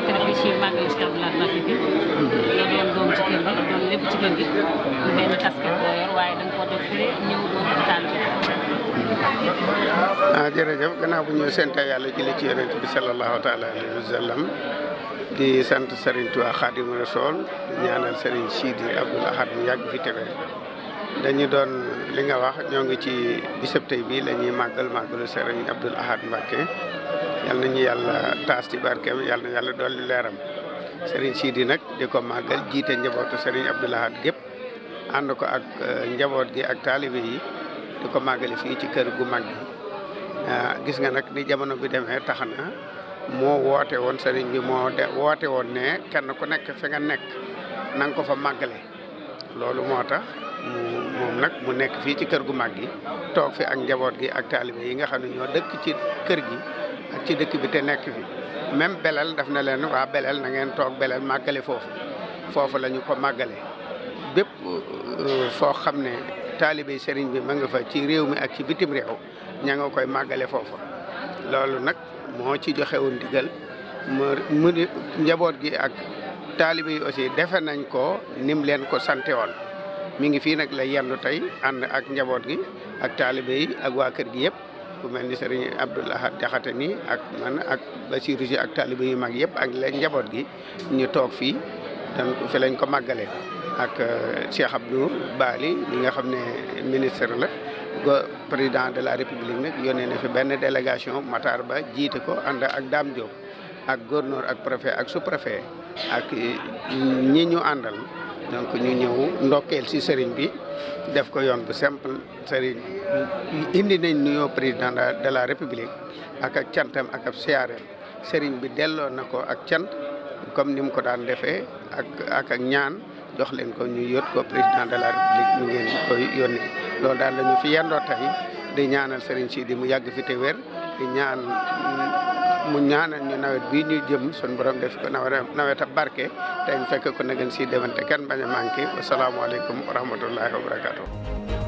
fekk na boo yor waaye da nga ko def ñëw doon taal bi ah jërëjëf gannaaw bu ñu sant yàlla jëlee ci yonent bi sallallahu taala alayhi di sant Serigne Touba Khadimou Rassoul ñaanal Serigne yàgg fi tewee dañu doon li nga wax ñoo ngi ci bisab tey bi la ñuy màggal màggalu Serigne Abdoul Ahad Mbacké yal na ñu yàlla taas ci barkeem yal na yàlla dolli leeram Serigne Sidi nag di ko màggal jiite njabootu Serigne Abdoul Ahad gépp ànd ko ak euh, njaboot gi ak taalibe yi di ko màggali fii ci kër gu mag gi ah, gis nga nag ni jamono bi demee tax na moo woote woon sëriñ bi moo woote woon ne kenn ku nekk fi nga nekk na ko fa màggale loolu moo tax moom nag mu nekk fii ci kër gu mag gi toog fi ak njaboot gi ak taalibe yi nga xam ne ñoo dëkk ci kër gi ak ci dëkk bi te nekk fi même belal daf na leen waa belal na ngeen toog belal màggale foofu foofu la ñu ko màggale bépp euh, foo xam ne taalibe sëriñ bi ma nga fa ci réew mi ak ci bitim réew ña nga koy màggale foofu loolu nag moo ci joxewu ndigal mu njaboot gi ak taalibe aussi defe nañ ko nim leen ko sante woon mi ngi fii nag la yendu tey ànd ak njaboot gi ak taalibe yi ak waa kër gi yëpp ku mel ni sëriñ mi ak man ak Basiru si ak taalibe yu mag yëpp ak la njaboot gi ñu toog fii fi lañ ko màggale ak euh, Cheikh Abdou Bali mi nga xam ne ministre la go président de la république nag yónnee na fi benn délégation Matar Ba jiite ko ànd ak Dame Diop ak gouverneur ak préfet ak sous-préfet ak euh, ñi ñu àndal donc ñu ñëw ndokkeel ci sëriñ bi def ko yoon bu simple sëriñ indi nañ nuyoo président de la république ak ak cantam ak ab siyaareem sëriñ bi delloo na ko ak cant comme ni mu ko daan defee ak ak ñaan jox leen ko ñu yot ko président de la république ñu ngeen koy yónnee loolu daal la ñu fi yendoo tey di ñaanal sëriñ si di mu yàgg fi te wér ñaan mu ñaanal ñu nawet bii ñu jëm sun borom def ko nawet ab barke te ñu fekk ko na ngeen si demante kenn bañ a manqué wasalaamaaleykum wa rahmatullahi wa barakatuh